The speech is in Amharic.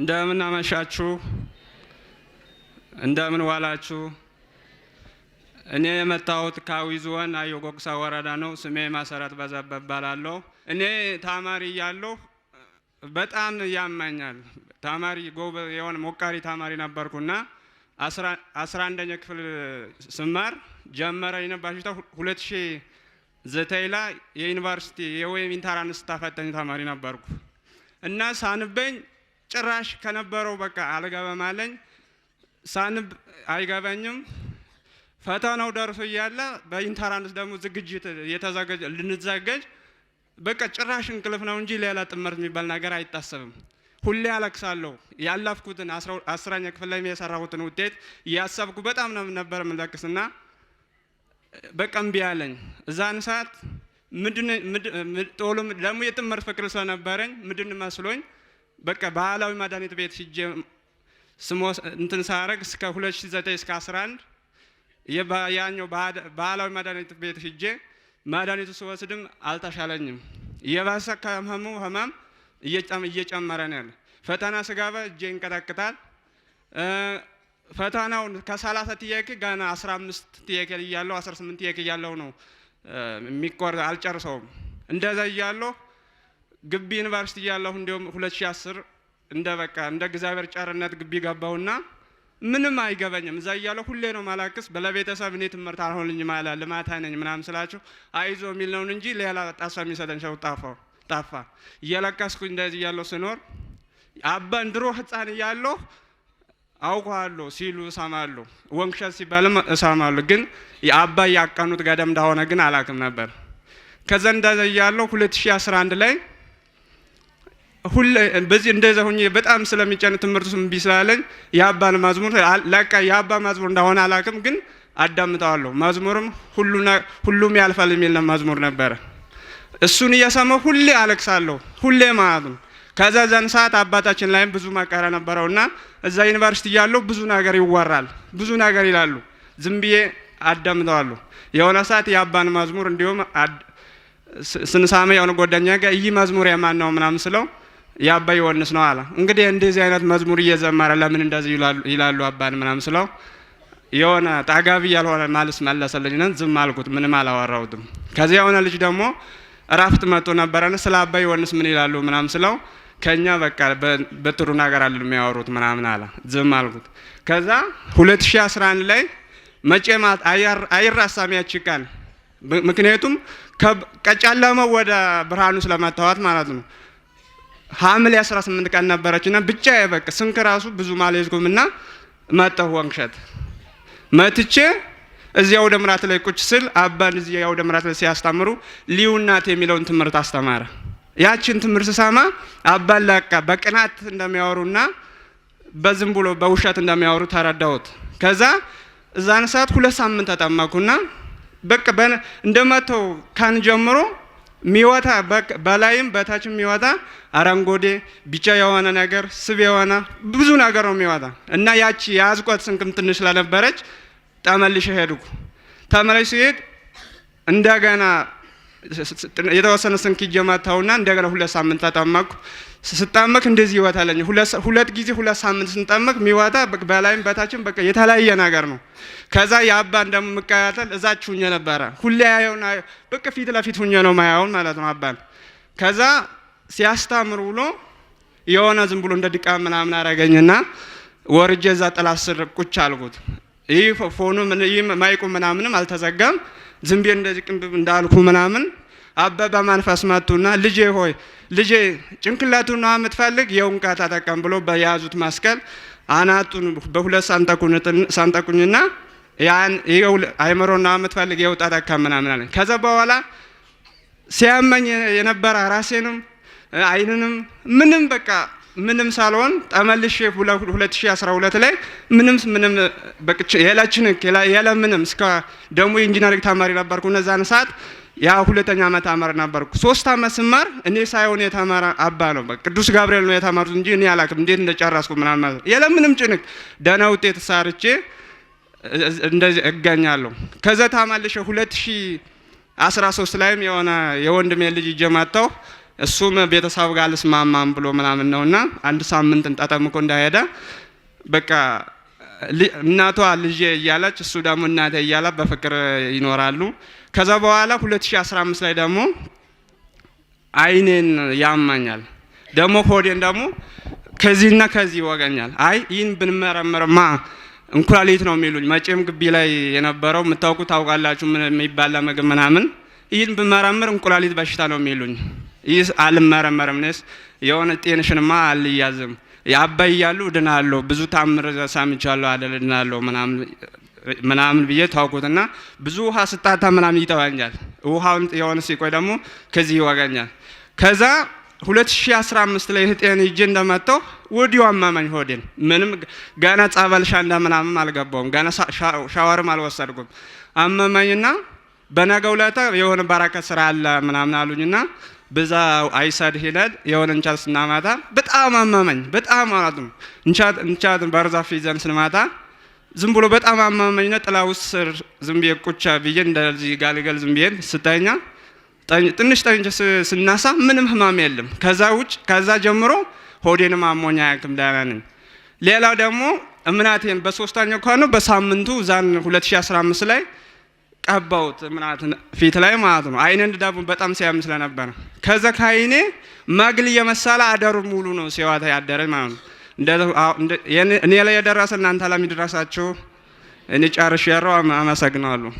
እንደምን አመሻችሁ፣ እንደምን ዋላችሁ። እኔ የመጣሁት ከአዊ ዞን አየጎግሳ ወረዳ ነው። ስሜ ማሰራት በዛብህ እባላለሁ። እኔ ተማሪ እያለሁ በጣም ያማኛል። ተማሪ ጎበዝ የሆነ ሞቃሪ ተማሪ ነበርኩና አስራ አንደኛ ክፍል ስማር ጀመረኝ በሽታ ሁለት ሺ ዘጠኝ ላይ የዩኒቨርሲቲ የወይም ኢንተራንስ ተፈተኝ ተማሪ ነበርኩ እና ሳንበኝ ጭራሽ ከነበረው በቃ አልገባም አለኝ። ሳንብ አይገባኝም። ፈተናው ደርሶ እያለ በኢንተራንስ ደግሞ ዝግጅት የተዘገጀ ልንዘገጅ በቃ ጭራሽ እንቅልፍ ነው እንጂ ሌላ ጥምረት የሚባል ነገር አይታሰብም። ሁሌ አለቅሳለሁ። ያለፍኩትን አስረኛ ክፍል ላይ የሰራሁትን ውጤት እያሰብኩ በጣም ነው ነበር የምለቅስና በቃ እምቢ አለኝ። እዛን ሰዓት ጦሎ ደግሞ የጥምር ፍቅር ስለነበረኝ ምድን መስሎኝ በቃ ባህላዊ መድኃኒት ቤት ሂጄ ስሞ እንትን ሳረግ እስከ 2009 እስከ 11 የያኛው ባህላዊ መድኃኒት ቤት ሂጄ መድኃኒቱ ስወስድም አልተሻለኝም። የባሰ ከህመሙ ህመም እየጨመረ ነው ያለ። ፈተና ስጋባ እጄ ይንቀጠቅጣል። ፈተናውን ከሰላሳ ጥያቄ ገና 15 ጥያቄ እያለሁ 18 ጥያቄ እያለው ነው የሚቆር አልጨርሰውም። እንደዛ እያለሁ ግቢ ዩኒቨርሲቲ እያለሁ እንዲሁም 2010 እንደ በቃ እንደ እግዚአብሔር ጨርነት ግቢ ገባሁና ምንም አይገበኝም። እዛ እያለሁ ሁሌ ነው ማላክስ በለቤተሰብ እኔ ትምህርት አልሆንልኝ አለ ልማታ ነኝ ምናምን ስላቸው አይዞ የሚል ነው እንጂ ሌላ ጣሳ የሚሰጠኝ ሰው ጣፋው ጠፋ። እየለቀስኩኝ እንደዚህ እያለሁ ስኖር አባን ድሮ ህፃን እያለሁ አውቀዋለሁ ሲሉ እሰማለሁ፣ ወንክሸት ሲባልም እሰማለሁ። ግን አባ እያቀኑት ገደም እንደሆነ ግን አላውቅም ነበር። ከዛ እንደዚያ እያለሁ 2011 ላይ ሁሌ በዚህ እንደዛ ሁኜ በጣም ስለሚጨን ትምህርቱም እምቢ ስላለኝ የአባን ማዝሙር ለቃ የአባ ማዝሙር እንደሆነ አላውቅም፣ ግን አዳምጠዋለሁ። ማዝሙርም ሁሉም ያልፋል የሚል ማዝሙር ነበረ። እሱን እየሰማሁ ሁሌ አለቅሳለሁ፣ ሁሌ ማለት ነው። ከዛ ዘን ሰዓት አባታችን ላይም ብዙ መከራ ነበረው እና እዛ ዩኒቨርሲቲ እያለሁ ብዙ ነገር ይወራል፣ ብዙ ነገር ይላሉ። ዝም ብዬ አዳምጠዋለሁ። የሆነ ሰዓት የአባን ማዝሙር እንዲሁም ስንሳመ የሆነ ጓደኛ ጋር ይህ መዝሙር የማን ነው ምናምን ስለው የአባ ዮሐንስ ነው አለ። እንግዲህ እንደዚህ አይነት መዝሙር እየዘመረ ለምን እንደዚህ ይላሉ አባን ምናምን ስለው የሆነ ጣጋቢ ያልሆነ ማልስ መለሰልኝ። ነን ዝም አልኩት፣ ምንም አላወራሁትም። ከዚያ የሆነ ልጅ ደግሞ እራፍት መጥቶ ነበረን ስለ አባ ዮሐንስ ምን ይላሉ ምናም ስለው ከኛ በቃ በጥሩ ነገር አለ የሚያወሩት ምናምን አለ። ዝም አልኩት። ከዛ 2011 ላይ መቼም አይራሳም ያቺ ቀን፣ ምክንያቱም ከጨለመው ወደ ብርሃኑ ስለመታወት ማለት ነው። ሐምሌ 18 ቀን ነበረች እና ብቻ የበቅ ስንክ ራሱ ብዙ ማለዝኩም እና መጣሁ ወንክሸት መትቼ እዚያ አውደ ምራት ላይ ቁጭ ስል አባን እዚያ አውደ ምራት ላይ ሲያስተምሩ ልዩናት የሚለውን ትምህርት አስተማረ። ያችን ትምህርት ስሰማ አባን ላቃ በቅናት እንደሚያወሩና በዝም ብሎ በውሸት እንደሚያወሩ ተረዳሁት። ከዛ እዛን ሰዓት ሁለት ሳምንት ተጠመኩና በቃ እንደመተው ካን ጀምሮ የሚወጣ በላይም በታችም የሚወጣ አረንጓዴ ቢጫ የሆነ ነገር ስብ የሆነ ብዙ ነገር ነው የሚወጣ እና ያቺ የአዝቆት ስንክም ትንሽ ስለነበረች ተመልሼ ሄድኩ። ተመልሼ ሲሄድ እንደገና የተወሰነ ስንክ ይጀማታውና እንደገና ሁለት ሳምንት ተጠመቅኩ። ስጣመክ እንደዚህ ይዋታ አለኝ። ሁለት ጊዜ ሁለት ሳምንት ስንጠመቅ የሚዋታ በላይም በታችም በቃ የተለያየ ነገር ነው። ከዛ የአባ እንደምቀያተል እዛች ሁኜ ነበረ ሁሌ ያየውን በቅ ፊት ለፊት ሁኜ ነው ማያውን ማለት ነው አባን። ከዛ ሲያስታምር ብሎ የሆነ ዝም ብሎ እንደ ድቃ ምናምን አረገኝና ወርጄ እዛ ጥላ ስር ቁጭ አልኩት። ይህ ፎኑ ይህ ማይቁ ምናምንም አልተዘጋም። ዝንቤ እንደዚህ ቅንብብ እንዳልኩ ምናምን አበበ መንፈስ መቱና ልጄ ሆይ ልጄ ጭንቅላቱን ነው የምትፈልግ የውንቃ ተጠቀም ብሎ በያዙት መስቀል አናቱን በሁለት ሳንጠቁኝና ያን ይው አይምሮ ነው የምትፈልግ የው ተጠቀም ምናምን አለ። ከዛ በኋላ ሲያመኝ የነበረ ራሴንም አይንንም ምንም በቃ ምንም ሳልሆን ተመልሼ 2012 ላይ ምንም ምንም በቅቼ የለችንክ የለምንም እስከ ደግሞ ኢንጂነሪንግ ተማሪ ነበርኩ እነዛን ሰዓት ያ ሁለተኛ ዓመት አመር ነበርኩ። ሶስት ዓመት ስማር እኔ ሳይሆን የተማረ አባ ነው ቅዱስ ገብርኤል ነው የተማሩት እንጂ እኔ አላውቅም እንዴት እንደጨረስኩ ምናምን የለምንም ጭንቅ ደህና ውጤት ሳርቼ እንደዚህ እገኛለሁ። ከዛ ታማልሸ 2013 ላይም የሆነ የወንድሜ ልጅ ይጀማታው እሱም ቤተሰብ ጋር አልስማማም ብሎ ምናምን ነውና አንድ ሳምንት እንጠጠምቆ እንዳሄደ በቃ እናቷ ልጄ እያለች እሱ ደግሞ እናቴ እያለ በፍቅር ይኖራሉ። ከዛ በኋላ 2015 ላይ ደግሞ አይኔን ያማኛል፣ ደግሞ ሆዴን ደግሞ ከዚህና ከዚህ ይወገኛል። አይ ይህን ብንመረምርማ እንኩላሊት ነው የሚሉኝ። መቼም ግቢ ላይ የነበረው የምታውቁ ታውቃላችሁ፣ ምን የሚባል ምግብ ምናምን። ይህን ብመረምር እንቁላሊት በሽታ ነው የሚሉኝ። ይህ አልመረመርም፣ ኔስ የሆነ ጤንሽንማ አልያዝም የአባይ እያሉ እድናለሁ ብዙ ታምር ሳምቻለሁ አይደል እድናለሁ ምናምን ምናምን ብዬ ታውቁትና ብዙ ውሃ ስታታ ምናምን ይጠባኛል። ውሃውን የሆነ ሲቆይ ደግሞ ከዚህ ይወጋኛል። ከዛ 2015 ላይ ህጤን እጄ እንደመጣው ወዲያው አማማኝ ሆዴን ምንም ገና ጸበል ሻንዳ ምናምን አልገባውም። ገና ሻወርም አልወሰድኩም። አማማኝና በነገው ዕለት የሆነ በረከት ስራ አለ ምናምን አሉኝና በዛ አይሳድ ሄላል የሆነ እንቻት ስናማታ በጣም አማማኝ በጣም ማለት እንቻት እንቻት ባርዛ ዛፍ ይዘን ስንማታ ዝም ብሎ በጣም አማማኝና ጥላው ስር ዝም ብዬ ቁቻ ብዬ እንደዚህ ጋልገል ዝም ብዬ ስተኛ ትንሽ ጠንጭ ስናሳ ምንም ህማም የለም። ከዛ ውጭ ከዛ ጀምሮ ሆዴንም አሞኛ ያክም ደህና ነኝ። ሌላው ደግሞ እምናቴን በሶስተኛው ከሆነ በሳምንቱ ዛን 2015 ላይ ቀባውት ምናት ፊት ላይ ማለት ነው። አይን እንደ ዳቦ በጣም ሲያም ስለነበረ ከዛ ከአይኔ መግል የመሰለ አደሩ ሙሉ ነው ሲዋታ ያደረ ማለት ነው። እኔ ላይ የደረሰ እናንተ ላይ የሚደረሳችሁ እኔ ጨርሼ ያረው አመሰግናለሁ።